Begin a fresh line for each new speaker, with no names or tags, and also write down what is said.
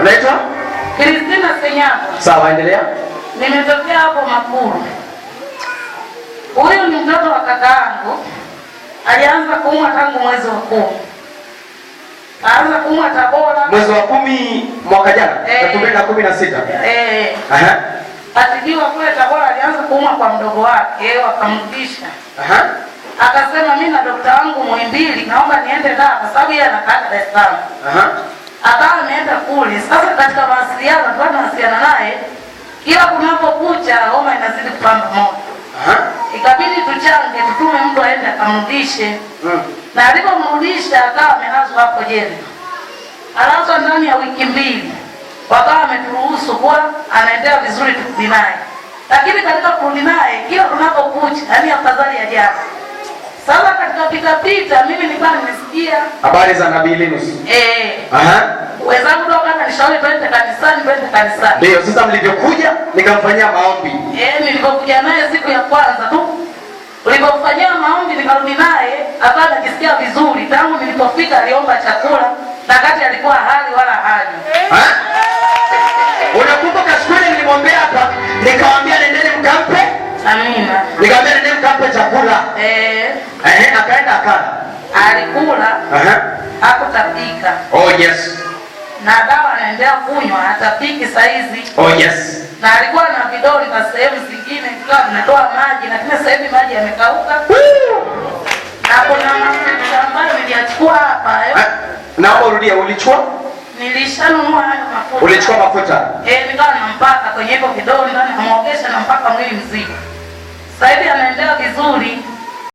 Unaitwa?
Kristina Senyata.
Sawa, endelea.
Nimetokea hapo Makuru. Huyu ni mtoto wa kaka yangu, alianza kuumwa tangu mwezi wa kumi. Alianza kuumwa Tabora
mwezi wa kumi mwaka jana elfu mbili na kumi na sita
eh. Atijiwa kule Tabora, alianza kuumwa kwa mdogo wake, wakamtisha akasema, mimi na dokta wangu Muhimbili naomba niende daa, kwa sababu yeye anakaa Dar es Salaam akawa ameenda kule. Sasa katika mawasiliano tulikuwa anawasiliana naye, kila kunapokucha homa inazidi kupamba moto, ikabidi tuchange, tutume mtu aende akamrudishe. Hmm. Na alipomrudisha akawa amelazwa hapo jela, alazwa ndani ya wiki mbili, wakawa ameturuhusu kuwa anaendea vizuri, tukurudi naye. Lakini katika kurudi naye, kila kunapokucha, yani afadhali ya jana sasa katika pita pita mimi nilikuwa nimesikia
habari za Nabii Linus.
Eh. Aha. Uweza ndio kama nishauri twende kanisani, twende kanisani.
Ndio, sasa mlivyokuja nikamfanyia maombi.
Eh, nilipokuja naye siku ya kwanza tu. Ulipomfanyia maombi nikarudi naye, akawa anajisikia vizuri. Tangu nilipofika aliomba chakula na kati alikuwa hali wala haja. Eh?
Unakumbuka siku ile nilimwombea hapa, nikamwambia nendeni mkampe? Amina. Nikamwambia nendeni akala eh, eh, akaenda akala,
alikula hakutapika.
Oh yes,
na dawa anaendelea kunywa, hatapiki saizi.
Oh yes,
na alikuwa na vidoli na sehemu zingine kwa anatoa maji, lakini sasa hivi maji yamekauka na kuna mafuta ambayo niliachukua hapa.
Na hapo rudia, ulichua
Nilishanunua hayo mafuta.
ulichua mafuta?
Eh, nikawa nampaka kwenye hiyo vidoli, ndio namwogesha na mpaka mwili mzima sasa hivi anaendelea vizuri